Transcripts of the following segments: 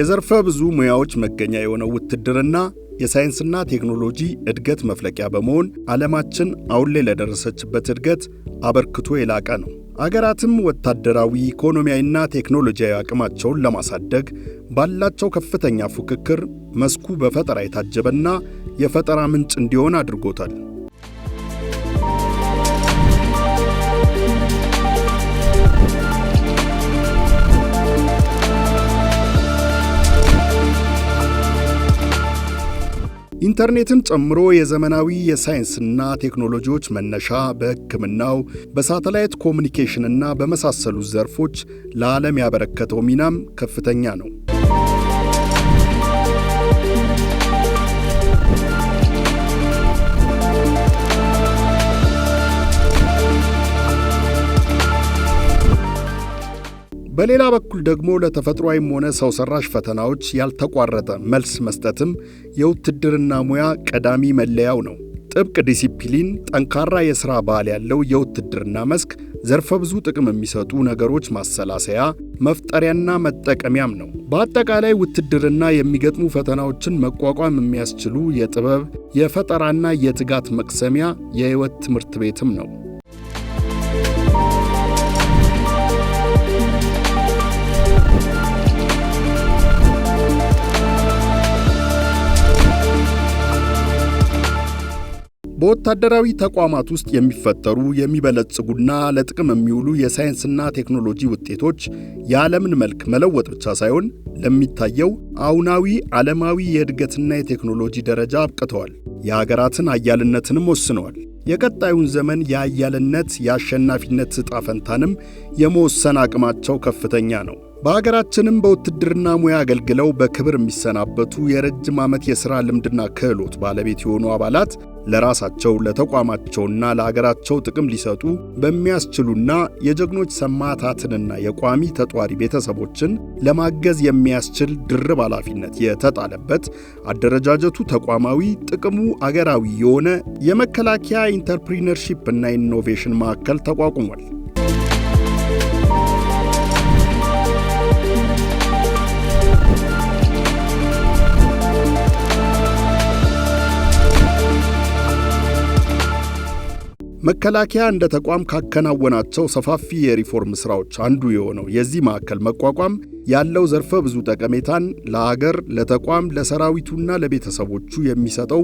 የዘርፈ ብዙ ሙያዎች መገኛ የሆነው ውትድርና የሳይንስና ቴክኖሎጂ እድገት መፍለቂያ በመሆን ዓለማችን አሁን ላይ ለደረሰችበት እድገት አበርክቶ የላቀ ነው። አገራትም ወታደራዊ ኢኮኖሚያዊና ቴክኖሎጂያዊ አቅማቸውን ለማሳደግ ባላቸው ከፍተኛ ፉክክር መስኩ በፈጠራ የታጀበና የፈጠራ ምንጭ እንዲሆን አድርጎታል። ኢንተርኔትን ጨምሮ የዘመናዊ የሳይንስና ቴክኖሎጂዎች መነሻ በሕክምናው በሳተላይት ኮሚኒኬሽንና በመሳሰሉት ዘርፎች ለዓለም ያበረከተው ሚናም ከፍተኛ ነው። በሌላ በኩል ደግሞ ለተፈጥሯዊም ሆነ ሰው ሰራሽ ፈተናዎች ያልተቋረጠ መልስ መስጠትም የውትድርና ሙያ ቀዳሚ መለያው ነው። ጥብቅ ዲሲፕሊን፣ ጠንካራ የሥራ ባህል ያለው የውትድርና መስክ ዘርፈ ብዙ ጥቅም የሚሰጡ ነገሮች ማሰላሰያ መፍጠሪያና መጠቀሚያም ነው። በአጠቃላይ ውትድርና የሚገጥሙ ፈተናዎችን መቋቋም የሚያስችሉ የጥበብ የፈጠራና የትጋት መቅሰሚያ የሕይወት ትምህርት ቤትም ነው። በወታደራዊ ተቋማት ውስጥ የሚፈጠሩ የሚበለጽጉና ለጥቅም የሚውሉ የሳይንስና ቴክኖሎጂ ውጤቶች የዓለምን መልክ መለወጥ ብቻ ሳይሆን ለሚታየው አሁናዊ ዓለማዊ የእድገትና የቴክኖሎጂ ደረጃ አብቅተዋል። የሀገራትን አያልነትንም ወስነዋል። የቀጣዩን ዘመን የአያልነት የአሸናፊነት ዕጣ ፈንታንም የመወሰን አቅማቸው ከፍተኛ ነው። በአገራችንም በውትድርና ሙያ አገልግለው በክብር የሚሰናበቱ የረጅም ዓመት የሥራ ልምድና ክህሎት ባለቤት የሆኑ አባላት ለራሳቸው ለተቋማቸውና ለአገራቸው ጥቅም ሊሰጡ በሚያስችሉና የጀግኖች ሰማዕታትንና የቋሚ ተጧሪ ቤተሰቦችን ለማገዝ የሚያስችል ድርብ ኃላፊነት የተጣለበት አደረጃጀቱ ተቋማዊ ጥቅሙ አገራዊ የሆነ የመከላከያ ኢንተርፕሪነርሺፕ እና ኢኖቬሽን ማዕከል ተቋቁሟል። መከላከያ እንደ ተቋም ካከናወናቸው ሰፋፊ የሪፎርም ስራዎች አንዱ የሆነው የዚህ ማዕከል መቋቋም ያለው ዘርፈ ብዙ ጠቀሜታን ለአገር፣ ለተቋም፣ ለሰራዊቱና ለቤተሰቦቹ የሚሰጠው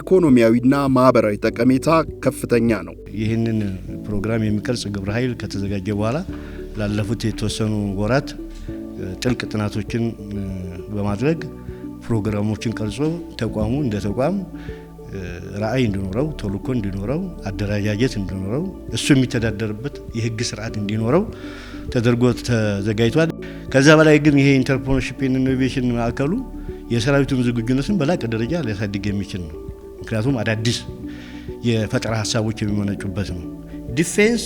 ኢኮኖሚያዊና ማህበራዊ ጠቀሜታ ከፍተኛ ነው። ይህንን ፕሮግራም የሚቀርጽ ግብረ ኃይል ከተዘጋጀ በኋላ ላለፉት የተወሰኑ ወራት ጥልቅ ጥናቶችን በማድረግ ፕሮግራሞችን ቀርጾ ተቋሙ እንደ ተቋም ራዕይ እንዲኖረው፣ ተልእኮ እንዲኖረው፣ አደረጃጀት እንዲኖረው፣ እሱ የሚተዳደርበት የህግ ስርዓት እንዲኖረው ተደርጎ ተዘጋጅቷል። ከዛ በላይ ግን ይሄ ኢንተርፕርነርሺፕ ኢኖቬሽን ማዕከሉ የሰራዊቱን ዝግጁነትን በላቀ ደረጃ ሊያሳድግ የሚችል ነው። ምክንያቱም አዳዲስ የፈጠራ ሀሳቦች የሚመነጩበት ነው። ዲፌንስ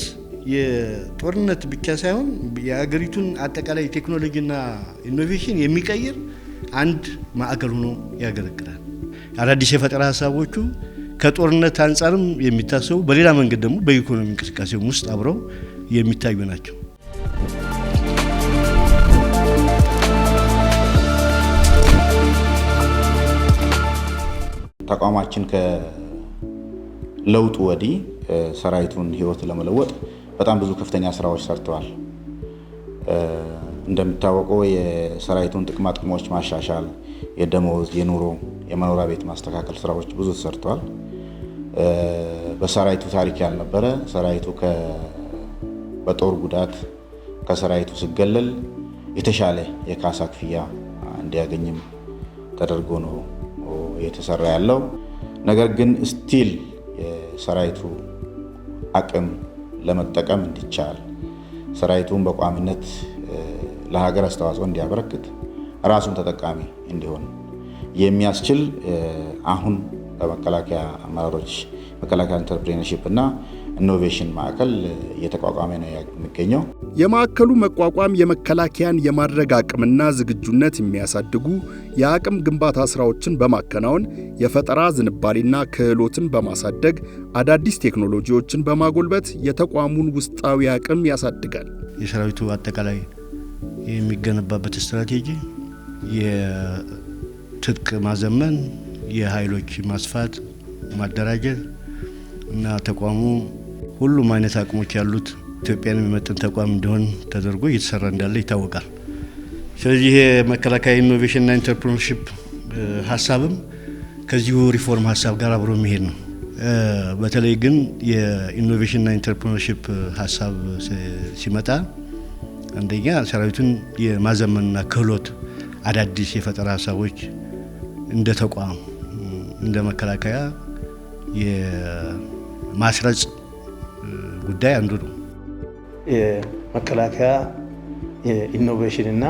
የጦርነት ብቻ ሳይሆን የአገሪቱን አጠቃላይ ቴክኖሎጂና ኢኖቬሽን የሚቀይር አንድ ማዕከል ሆኖ ያገለግላል። አዳዲስ የፈጠራ ሀሳቦቹ ከጦርነት አንጻርም የሚታሰቡ በሌላ መንገድ ደግሞ በኢኮኖሚ እንቅስቃሴ ውስጥ አብረው የሚታዩ ናቸው። ተቋማችን ከለውጡ ወዲህ ሰራዊቱን ህይወት ለመለወጥ በጣም ብዙ ከፍተኛ ስራዎች ሰርተዋል። እንደሚታወቀው የሰራዊቱን ጥቅማ ጥቅሞች ማሻሻል፣ የደመወዝ የኑሮ የመኖሪያ ቤት ማስተካከል ስራዎች ብዙ ተሰርተዋል። በሰራዊቱ ታሪክ ያልነበረ ሰራዊቱ በጦር ጉዳት ከሰራዊቱ ሲገለል የተሻለ የካሳ ክፍያ እንዲያገኝም ተደርጎ ነው የተሰራ ያለው። ነገር ግን ስቲል የሰራዊቱ አቅም ለመጠቀም እንዲቻል ሰራዊቱን በቋሚነት ለሀገር አስተዋጽኦ እንዲያበረክት ራሱን ተጠቃሚ እንዲሆን የሚያስችል አሁን በመከላከያ አመራሮች መከላከያ ኢንተርፕሬነርሺፕ እና ኢኖቬሽን ማዕከል እየተቋቋመ ነው የሚገኘው። የማዕከሉ መቋቋም የመከላከያን የማድረግ አቅምና ዝግጁነት የሚያሳድጉ የአቅም ግንባታ ስራዎችን በማከናወን የፈጠራ ዝንባሌና ክህሎትን በማሳደግ አዳዲስ ቴክኖሎጂዎችን በማጎልበት የተቋሙን ውስጣዊ አቅም ያሳድጋል። የሰራዊቱ አጠቃላይ የሚገነባበት ስትራቴጂ ትጥቅ ማዘመን፣ የኃይሎች ማስፋት፣ ማደራጀት እና ተቋሙ ሁሉም አይነት አቅሞች ያሉት ኢትዮጵያን የሚመጥን ተቋም እንዲሆን ተደርጎ እየተሰራ እንዳለ ይታወቃል። ስለዚህ ይሄ መከላከያ ኢኖቬሽንና ኢንተርፕርነርሺፕ ሀሳብም ከዚሁ ሪፎርም ሀሳብ ጋር አብሮ የሚሄድ ነው። በተለይ ግን የኢኖቬሽንና ኢንተርፕርነርሺፕ ሀሳብ ሲመጣ አንደኛ ሰራዊቱን የማዘመንና ክህሎት አዳዲስ የፈጠራ ሀሳቦች እንደ ተቋም እንደ መከላከያ የማስረጽ ጉዳይ አንዱ ነው። የመከላከያ የኢኖቬሽን እና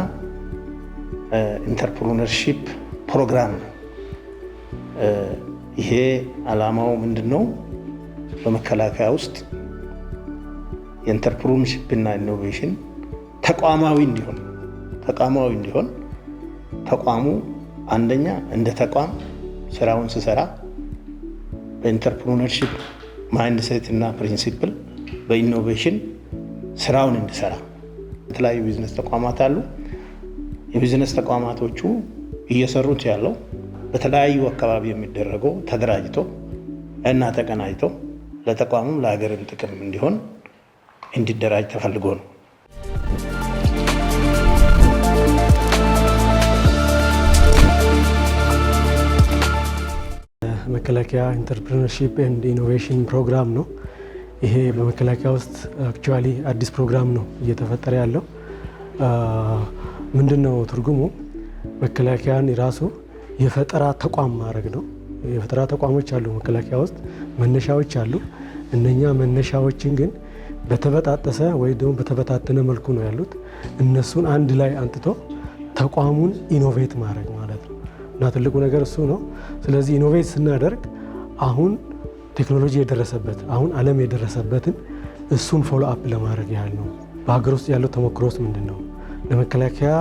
ኢንተርፕሩነርሺፕ ፕሮግራም ነው። ይሄ አላማው ምንድን ነው? በመከላከያ ውስጥ የኢንተርፕሩነርሺፕ እና ኢኖቬሽን ተቋማዊ እንዲሆን ተቋማዊ እንዲሆን ተቋሙ አንደኛ እንደ ተቋም ስራውን ስሰራ በኢንተርፕሮነርሽፕ ማይንድ ሴት እና ፕሪንሲፕል በኢኖቬሽን ስራውን እንድሰራ የተለያዩ ቢዝነስ ተቋማት አሉ። የቢዝነስ ተቋማቶቹ እየሰሩት ያለው በተለያዩ አካባቢ የሚደረገው ተደራጅቶ እና ተቀናጅቶ ለተቋሙም ለሀገርም ጥቅም እንዲሆን እንዲደራጅ ተፈልጎ ነው። የመከላከያ ኢንተርፕርነርሺፕ ኤንድ ኢኖቬሽን ፕሮግራም ነው። ይሄ በመከላከያ ውስጥ አክቹዋሊ አዲስ ፕሮግራም ነው እየተፈጠረ ያለው። ምንድን ነው ትርጉሙ? መከላከያን የራሱ የፈጠራ ተቋም ማድረግ ነው። የፈጠራ ተቋሞች አሉ መከላከያ ውስጥ መነሻዎች አሉ። እነኛ መነሻዎችን ግን በተበጣጠሰ ወይ ደግሞ በተበታተነ መልኩ ነው ያሉት። እነሱን አንድ ላይ አንጥቶ ተቋሙን ኢኖቬት ማድረግ ማለት እና ትልቁ ነገር እሱ ነው። ስለዚህ ኢኖቬት ስናደርግ አሁን ቴክኖሎጂ የደረሰበት አሁን ዓለም የደረሰበትን እሱን ፎሎ አፕ ለማድረግ ያህል ነው። በሀገር ውስጥ ያለው ተሞክሮስ ምንድን ነው? ለመከላከያ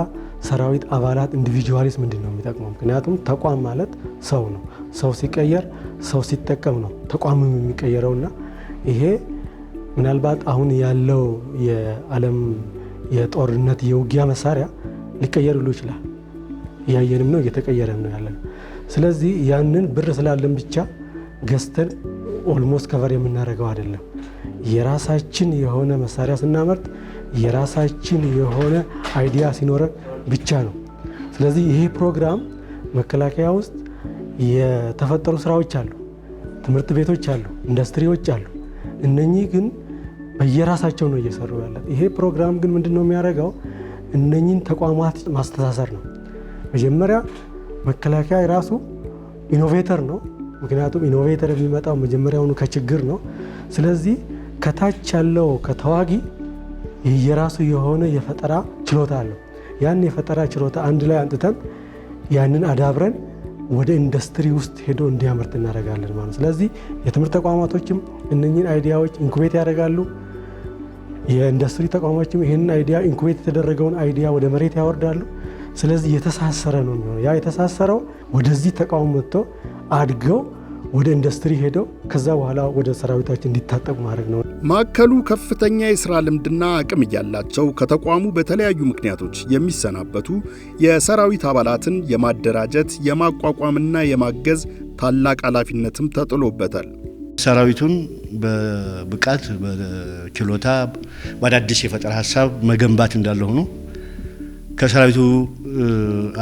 ሰራዊት አባላት ኢንዲቪጁዋሊስ ምንድን ነው የሚጠቅመው? ምክንያቱም ተቋም ማለት ሰው ነው። ሰው ሲቀየር፣ ሰው ሲጠቀም ነው ተቋምም እና ይሄ ምናልባት አሁን ያለው የዓለም የጦርነት የውጊያ መሳሪያ ሊቀየር ሉ ይችላል። እያየንም ነው እየተቀየረም ነው ያለን። ስለዚህ ያንን ብር ስላለን ብቻ ገዝተን ኦልሞስት ከቨር የምናደርገው አይደለም። የራሳችን የሆነ መሳሪያ ስናመርት የራሳችን የሆነ አይዲያ ሲኖረን ብቻ ነው። ስለዚህ ይሄ ፕሮግራም መከላከያ ውስጥ የተፈጠሩ ስራዎች አሉ፣ ትምህርት ቤቶች አሉ፣ ኢንዱስትሪዎች አሉ። እነኚህ ግን በየራሳቸው ነው እየሰሩ ያለ። ይሄ ፕሮግራም ግን ምንድን ነው የሚያደርገው? እነኚህን ተቋማት ማስተሳሰር ነው። መጀመሪያ መከላከያ የራሱ ኢኖቬተር ነው። ምክንያቱም ኢኖቬተር የሚመጣው መጀመሪያውኑ ከችግር ነው። ስለዚህ ከታች ያለው ከተዋጊ የራሱ የሆነ የፈጠራ ችሎታ አለው። ያን የፈጠራ ችሎታ አንድ ላይ አንጥተን ያንን አዳብረን ወደ ኢንዱስትሪ ውስጥ ሄዶ እንዲያመርት እናደርጋለን ማለት። ስለዚህ የትምህርት ተቋማቶችም እነኝን አይዲያዎች ኢንኩቤት ያደርጋሉ። የኢንዱስትሪ ተቋማችም ይህንን አይዲያ ኢንኩቤት የተደረገውን አይዲያ ወደ መሬት ያወርዳሉ። ስለዚህ የተሳሰረ ነው የሚሆነው። ያ የተሳሰረው ወደዚህ ተቃውሞ መጥቶ አድገው ወደ ኢንዱስትሪ ሄደው ከዛ በኋላ ወደ ሰራዊታችን እንዲታጠቁ ማድረግ ነው። ማዕከሉ ከፍተኛ የሥራ ልምድና አቅም እያላቸው ከተቋሙ በተለያዩ ምክንያቶች የሚሰናበቱ የሰራዊት አባላትን የማደራጀት የማቋቋምና የማገዝ ታላቅ ኃላፊነትም ተጥሎበታል። ሰራዊቱን በብቃት በችሎታ በአዳዲስ የፈጠራ ሀሳብ መገንባት እንዳለ ሆኖ ከሰራዊቱ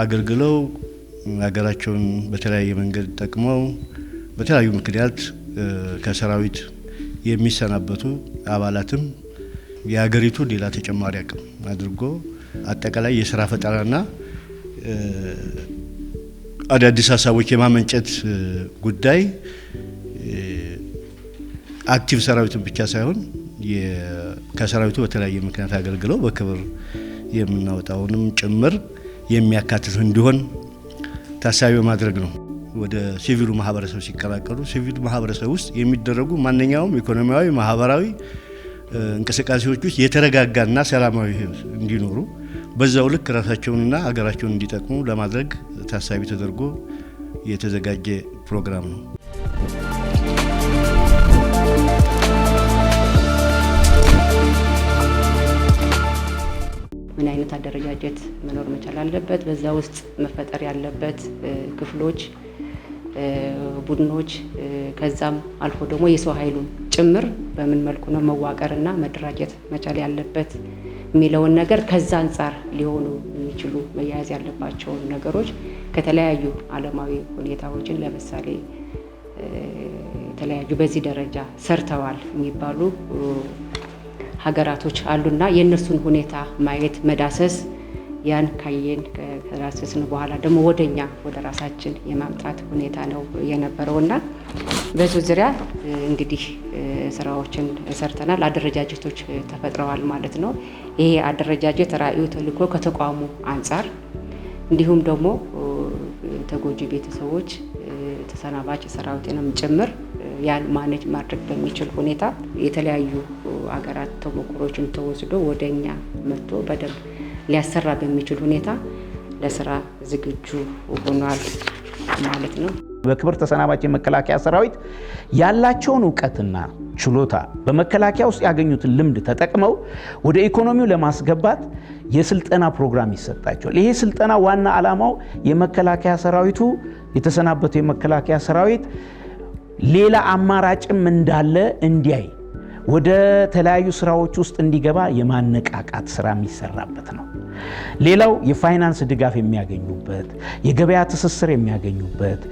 አገልግለው ሀገራቸውን በተለያየ መንገድ ጠቅመው በተለያዩ ምክንያት ከሰራዊት የሚሰናበቱ አባላትም የሀገሪቱ ሌላ ተጨማሪ አቅም አድርጎ አጠቃላይ የስራ ፈጠራና አዳዲስ ሀሳቦች የማመንጨት ጉዳይ አክቲቭ ሰራዊትን ብቻ ሳይሆን ከሰራዊቱ በተለያየ ምክንያት አገልግለው በክብር የምናወጣውንም ጭምር የሚያካትት እንዲሆን ታሳቢ ማድረግ ነው። ወደ ሲቪሉ ማህበረሰብ ሲቀላቀሉ ሲቪሉ ማህበረሰብ ውስጥ የሚደረጉ ማንኛውም ኢኮኖሚያዊ፣ ማህበራዊ እንቅስቃሴዎች ውስጥ የተረጋጋና ሰላማዊ ህይወት እንዲኖሩ በዛው ልክ ራሳቸውንና ሀገራቸውን እንዲጠቅሙ ለማድረግ ታሳቢ ተደርጎ የተዘጋጀ ፕሮግራም ነው። አይነት አደረጃጀት መኖር መቻል አለበት። በዛ ውስጥ መፈጠር ያለበት ክፍሎች፣ ቡድኖች ከዛም አልፎ ደግሞ የሰው ኃይሉን ጭምር በምን መልኩ ነው መዋቀርና መደራጀት መቻል ያለበት የሚለውን ነገር ከዛ አንጻር ሊሆኑ የሚችሉ መያያዝ ያለባቸውን ነገሮች ከተለያዩ ዓለማዊ ሁኔታዎችን ለምሳሌ የተለያዩ በዚህ ደረጃ ሰርተዋል የሚባሉ ሀገራቶች አሉና የእነሱን ሁኔታ ማየት መዳሰስ ያን ካየን ከራስስን በኋላ ደግሞ ወደኛ ወደ ራሳችን የማምጣት ሁኔታ ነው የነበረውና በዚሁ ዙሪያ እንግዲህ ስራዎችን ሰርተናል። አደረጃጀቶች ተፈጥረዋል ማለት ነው። ይሄ አደረጃጀት ራዕዩ፣ ተልዕኮ ከተቋሙ አንጻር እንዲሁም ደግሞ ተጎጂ ቤተሰቦች፣ ተሰናባች ሰራዊትንም ጭምር ያን ማኔጅ ማድረግ በሚችል ሁኔታ የተለያዩ አገራት ተሞክሮችን ተወስዶ ወደ እኛ መጥቶ በደንብ ሊያሰራ በሚችል ሁኔታ ለስራ ዝግጁ ሆኗል ማለት ነው። በክብር ተሰናባች የመከላከያ ሰራዊት ያላቸውን እውቀትና ችሎታ በመከላከያ ውስጥ ያገኙትን ልምድ ተጠቅመው ወደ ኢኮኖሚው ለማስገባት የስልጠና ፕሮግራም ይሰጣቸዋል። ይሄ ስልጠና ዋና ዓላማው የመከላከያ ሰራዊቱ የተሰናበተው የመከላከያ ሰራዊት ሌላ አማራጭም እንዳለ እንዲያይ ወደ ተለያዩ ስራዎች ውስጥ እንዲገባ የማነቃቃት ስራ የሚሰራበት ነው። ሌላው የፋይናንስ ድጋፍ የሚያገኙበት፣ የገበያ ትስስር የሚያገኙበት፣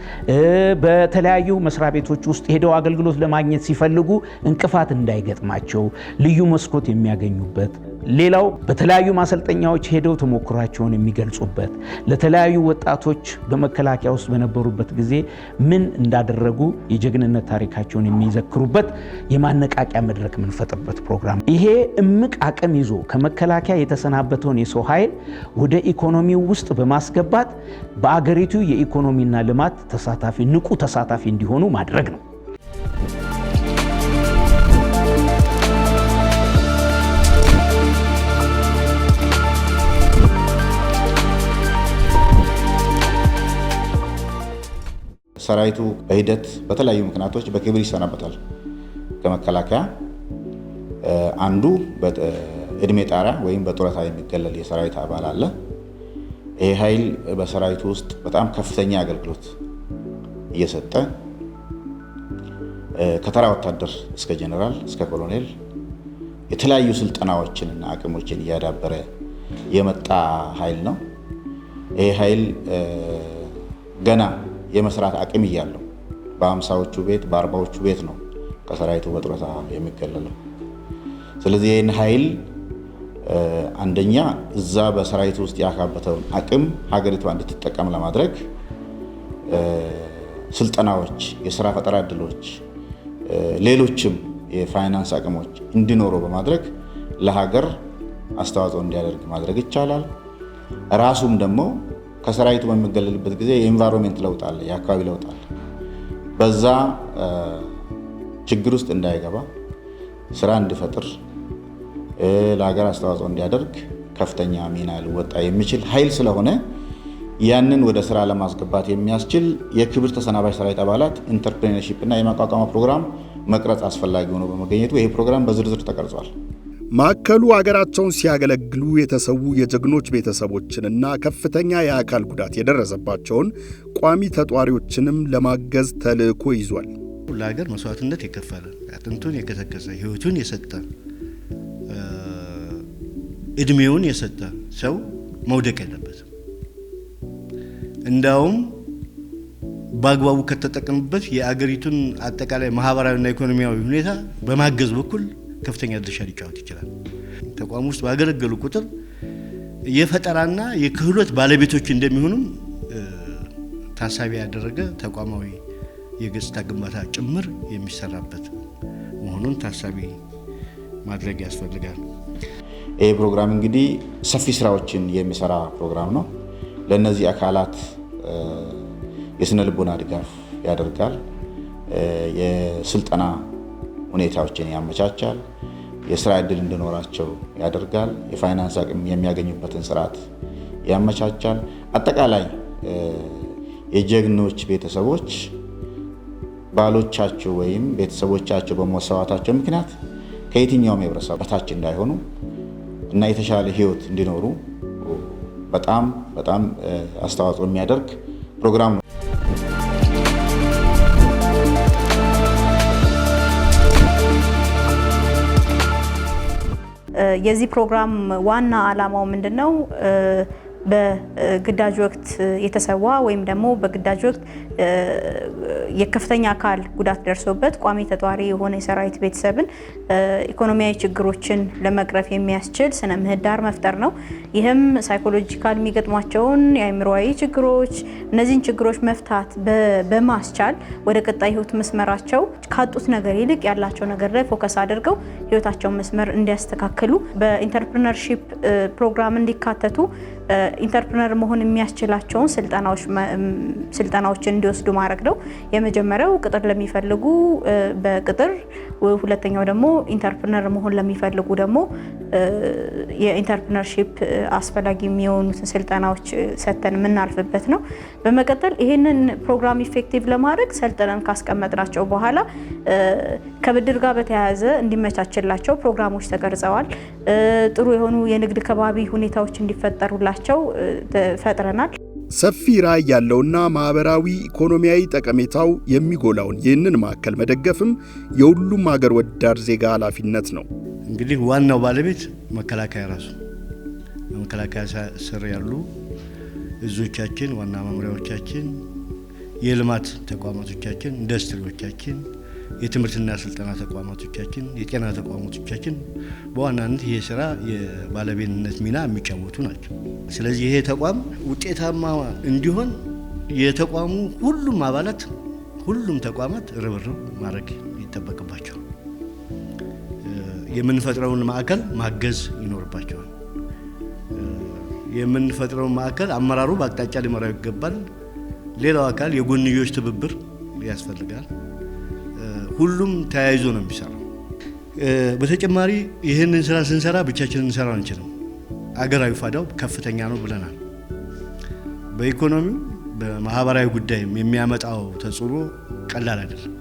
በተለያዩ መስሪያ ቤቶች ውስጥ ሄደው አገልግሎት ለማግኘት ሲፈልጉ እንቅፋት እንዳይገጥማቸው ልዩ መስኮት የሚያገኙበት ሌላው በተለያዩ ማሰልጠኛዎች ሄደው ተሞክሯቸውን የሚገልጹበት ለተለያዩ ወጣቶች በመከላከያ ውስጥ በነበሩበት ጊዜ ምን እንዳደረጉ የጀግንነት ታሪካቸውን የሚዘክሩበት የማነቃቂያ መድረክ የምንፈጥርበት ፕሮግራም ይሄ እምቅ አቅም ይዞ ከመከላከያ የተሰናበተውን የሰው ኃይል ወደ ኢኮኖሚው ውስጥ በማስገባት በአገሪቱ የኢኮኖሚና ልማት ተሳታፊ ንቁ ተሳታፊ እንዲሆኑ ማድረግ ነው። ሰራዊቱ በሂደት በተለያዩ ምክንያቶች በክብር ይሰናበታል ከመከላከያ። አንዱ በእድሜ ጣሪያ ወይም በጡረታ የሚገለል የሰራዊት አባል አለ። ይህ ኃይል በሰራዊቱ ውስጥ በጣም ከፍተኛ አገልግሎት እየሰጠ ከተራ ወታደር እስከ ጀኔራል እስከ ኮሎኔል የተለያዩ ስልጠናዎችንና አቅሞችን እያዳበረ የመጣ ኃይል ነው። ይህ ኃይል ገና የመስራት አቅም እያለው በአምሳዎቹ ቤት በአርባዎቹ ቤት ነው ከሰራዊቱ በጡረታ የሚገለለው። ስለዚህ ይህን ኃይል አንደኛ እዛ በሰራዊቱ ውስጥ ያካበተውን አቅም ሀገሪቷ እንድትጠቀም ለማድረግ ስልጠናዎች፣ የስራ ፈጠራ እድሎች፣ ሌሎችም የፋይናንስ አቅሞች እንዲኖሩ በማድረግ ለሀገር አስተዋጽኦ እንዲያደርግ ማድረግ ይቻላል። ራሱም ደግሞ ከሰራዊቱ በምገለልበት ጊዜ የኤንቫይሮንሜንት ለውጥ አለ፣ የአካባቢ ለውጥ አለ። በዛ ችግር ውስጥ እንዳይገባ ስራ እንዲፈጥር ለሀገር አስተዋጽኦ እንዲያደርግ ከፍተኛ ሚና ሊወጣ የሚችል ኃይል ስለሆነ ያንን ወደ ስራ ለማስገባት የሚያስችል የክብር ተሰናባሽ ሰራዊት አባላት ኢንተርፕሬነርሺፕ እና የማቋቋማ ፕሮግራም መቅረጽ አስፈላጊ ሆኖ በመገኘቱ ይህ ፕሮግራም በዝርዝር ተቀርጿል። ማዕከሉ አገራቸውን ሲያገለግሉ የተሰዉ የጀግኖች ቤተሰቦችንና ከፍተኛ የአካል ጉዳት የደረሰባቸውን ቋሚ ተጧሪዎችንም ለማገዝ ተልእኮ ይዟል። ለሀገር መስዋዕትነት የከፈለ አጥንቱን የከሰከሰ ህይወቱን የሰጠ እድሜውን የሰጠ ሰው መውደቅ የለበትም። እንዳውም በአግባቡ ከተጠቀምበት የአገሪቱን አጠቃላይ ማህበራዊና ኢኮኖሚያዊ ሁኔታ በማገዝ በኩል ከፍተኛ ድርሻ ሊጫወት ይችላል። ተቋም ውስጥ ባገለገሉ ቁጥር የፈጠራና የክህሎት ባለቤቶች እንደሚሆኑም ታሳቢ ያደረገ ተቋማዊ የገጽታ ግንባታ ጭምር የሚሰራበት መሆኑን ታሳቢ ማድረግ ያስፈልጋል። ይህ ፕሮግራም እንግዲህ ሰፊ ስራዎችን የሚሰራ ፕሮግራም ነው። ለእነዚህ አካላት የስነ ልቦና ድጋፍ ያደርጋል። የስልጠና ሁኔታዎችን ያመቻቻል፣ የስራ እድል እንዲኖራቸው ያደርጋል፣ የፋይናንስ አቅም የሚያገኙበትን ስርዓት ያመቻቻል። አጠቃላይ የጀግኖች ቤተሰቦች ባሎቻቸው ወይም ቤተሰቦቻቸው በመሰዋታቸው ምክንያት ከየትኛውም የህብረተሰብ በታች እንዳይሆኑ እና የተሻለ ህይወት እንዲኖሩ በጣም በጣም አስተዋጽኦ የሚያደርግ ፕሮግራም ነው። የዚህ ፕሮግራም ዋና ዓላማው ምንድን ነው? በግዳጅ ወቅት የተሰዋ ወይም ደግሞ በግዳጅ ወቅት የከፍተኛ አካል ጉዳት ደርሶበት ቋሚ ተጧሪ የሆነ የሰራዊት ቤተሰብን ኢኮኖሚያዊ ችግሮችን ለመቅረፍ የሚያስችል ስነ ምህዳር መፍጠር ነው። ይህም ሳይኮሎጂካል የሚገጥሟቸውን የአእምሮአዊ ችግሮች፣ እነዚህን ችግሮች መፍታት በማስቻል ወደ ቀጣይ ህይወት መስመራቸው ካጡት ነገር ይልቅ ያላቸው ነገር ላይ ፎከስ አድርገው ህይወታቸውን መስመር እንዲያስተካክሉ በኢንተርፕርነርሺፕ ፕሮግራም እንዲካተቱ ኢንተርፕረነር መሆን የሚያስችላቸውን ስልጠናዎች እንዲወስዱ ማድረግ ነው። የመጀመሪያው ቅጥር ለሚፈልጉ በቅጥር ሁለተኛው ደግሞ ኢንተርፕረነር መሆን ለሚፈልጉ ደግሞ የኢንተርፕረነርሺፕ አስፈላጊ የሚሆኑትን ስልጠናዎች ሰጥተን የምናልፍበት ነው። በመቀጠል ይህንን ፕሮግራም ኢፌክቲቭ ለማድረግ ሰልጥነን ካስቀመጥናቸው በኋላ ከብድር ጋር በተያያዘ እንዲመቻችላቸው ፕሮግራሞች ተቀርጸዋል። ጥሩ የሆኑ የንግድ ከባቢ ሁኔታዎች እንዲፈጠሩላቸው እንድንችላቸው ፈጥረናል። ሰፊ ራዕይ ያለውና ማህበራዊ ኢኮኖሚያዊ ጠቀሜታው የሚጎላውን ይህንን ማዕከል መደገፍም የሁሉም ሀገር ወዳድ ዜጋ ኃላፊነት ነው። እንግዲህ ዋናው ባለቤት መከላከያ ራሱ መከላከያ ስር ያሉ እዞቻችን፣ ዋና መምሪያዎቻችን፣ የልማት ተቋማቶቻችን፣ ኢንዱስትሪዎቻችን የትምህርትና ስልጠና ተቋማቶቻችን፣ የጤና ተቋማቶቻችን በዋናነት ይሄ ስራ የባለቤትነት ሚና የሚጫወቱ ናቸው። ስለዚህ ይሄ ተቋም ውጤታማ እንዲሆን የተቋሙ ሁሉም አባላት፣ ሁሉም ተቋማት ርብርብ ማድረግ ይጠበቅባቸዋል። የምንፈጥረውን ማዕከል ማገዝ ይኖርባቸዋል። የምንፈጥረውን ማዕከል አመራሩ በአቅጣጫ ሊመራው ይገባል። ሌላው አካል የጎንዮች ትብብር ያስፈልጋል። ሁሉም ተያይዞ ነው የሚሰራው። በተጨማሪ ይህንን ስራ ስንሰራ ብቻችን እንሰራ አንችልም። አገራዊ ፋዳው ከፍተኛ ነው ብለናል። በኢኮኖሚው በማህበራዊ ጉዳይም የሚያመጣው ተጽዕኖ ቀላል አይደለም።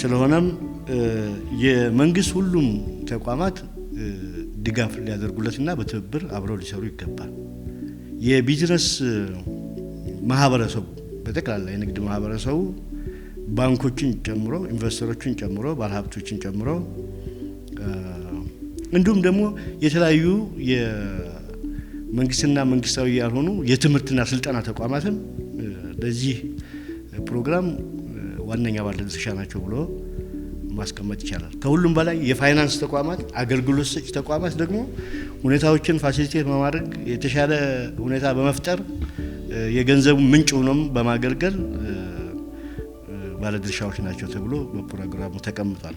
ስለሆነም የመንግስት ሁሉም ተቋማት ድጋፍ ሊያደርጉለትና በትብብር አብረው ሊሰሩ ይገባል። የቢዝነስ ማህበረሰቡ በጠቅላላ የንግድ ማህበረሰቡ ባንኮችን ጨምሮ ኢንቨስተሮችን ጨምሮ ባለሀብቶችን ጨምሮ እንዲሁም ደግሞ የተለያዩ የመንግስትና መንግስታዊ ያልሆኑ የትምህርትና ስልጠና ተቋማትም ለዚህ ፕሮግራም ዋነኛ ባለድርሻ ናቸው ብሎ ማስቀመጥ ይቻላል። ከሁሉም በላይ የፋይናንስ ተቋማት፣ አገልግሎት ሰጪ ተቋማት ደግሞ ሁኔታዎችን ፋሲሊቴት በማድረግ የተሻለ ሁኔታ በመፍጠር የገንዘቡ ምንጭ ሆኖም በማገልገል ባለድርሻዎች ናቸው ተብሎ በፕሮግራሙ ተቀምጧል።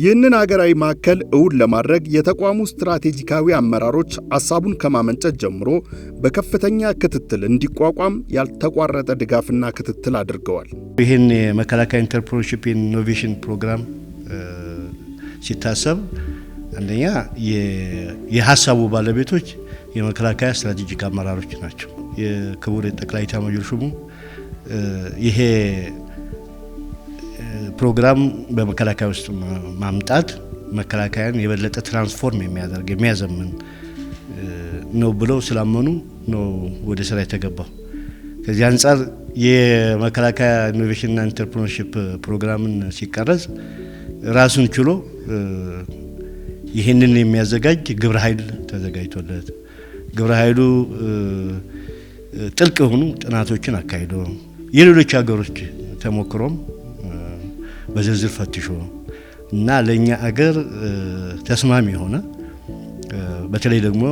ይህንን አገራዊ ማዕከል እውን ለማድረግ የተቋሙ ስትራቴጂካዊ አመራሮች ሐሳቡን ከማመንጨት ጀምሮ በከፍተኛ ክትትል እንዲቋቋም ያልተቋረጠ ድጋፍና ክትትል አድርገዋል። ይህን የመከላከያ ኢንተርፕርነርሺፕ ኢኖቬሽን ፕሮግራም ሲታሰብ አንደኛ የሀሳቡ ባለቤቶች የመከላከያ ስትራቴጂክ አመራሮች ናቸው። የክቡር ጠቅላይ ኤታማዦር ሹሙ ይሄ ፕሮግራም በመከላከያ ውስጥ ማምጣት መከላከያን የበለጠ ትራንስፎርም የሚያደርግ የሚያዘምን ነው ብለው ስላመኑ ነው ወደ ስራ የተገባው። ከዚህ አንጻር የመከላከያ ኢኖቬሽንና ኢንተርፕርነርሺፕ ፕሮግራምን ሲቀረጽ ራሱን ችሎ ይህንን የሚያዘጋጅ ግብረ ኃይል ተዘጋጅቶለት ግብረ ኃይሉ ጥልቅ የሆኑ ጥናቶችን አካሂዶ የሌሎች ሀገሮች ተሞክሮም በዝርዝር ፈትሾ እና ለእኛ አገር ተስማሚ የሆነ በተለይ ደግሞ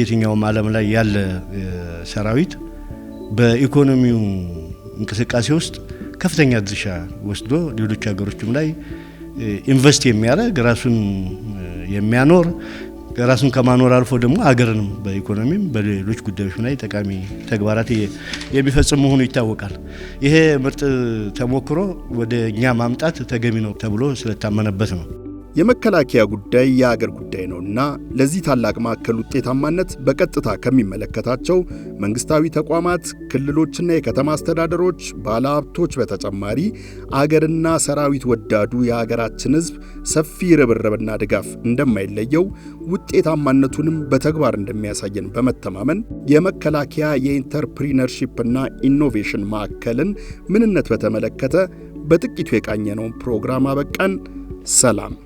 የትኛውም ዓለም ላይ ያለ ሰራዊት በኢኮኖሚው እንቅስቃሴ ውስጥ ከፍተኛ ድርሻ ወስዶ ሌሎች ሀገሮችም ላይ ኢንቨስት የሚያደርግ ራሱን የሚያኖር ራሱን ከማኖር አልፎ ደግሞ ሀገርንም በኢኮኖሚም በሌሎች ጉዳዮች ላይ ጠቃሚ ተግባራት የሚፈጽም መሆኑ ይታወቃል። ይሄ ምርጥ ተሞክሮ ወደ እኛ ማምጣት ተገቢ ነው ተብሎ ስለታመነበት ነው። የመከላከያ ጉዳይ የአገር ጉዳይ ነውና ለዚህ ታላቅ ማዕከል ውጤታማነት በቀጥታ ከሚመለከታቸው መንግስታዊ ተቋማት፣ ክልሎችና የከተማ አስተዳደሮች፣ ባለሀብቶች በተጨማሪ አገርና ሰራዊት ወዳዱ የአገራችን ሕዝብ ሰፊ ርብርብና ድጋፍ እንደማይለየው ውጤታማነቱንም በተግባር እንደሚያሳየን በመተማመን የመከላከያ የኢንተርፕሪነርሺፕና ኢኖቬሽን ማዕከልን ምንነት በተመለከተ በጥቂቱ የቃኘነውን ፕሮግራም አበቃን። ሰላም።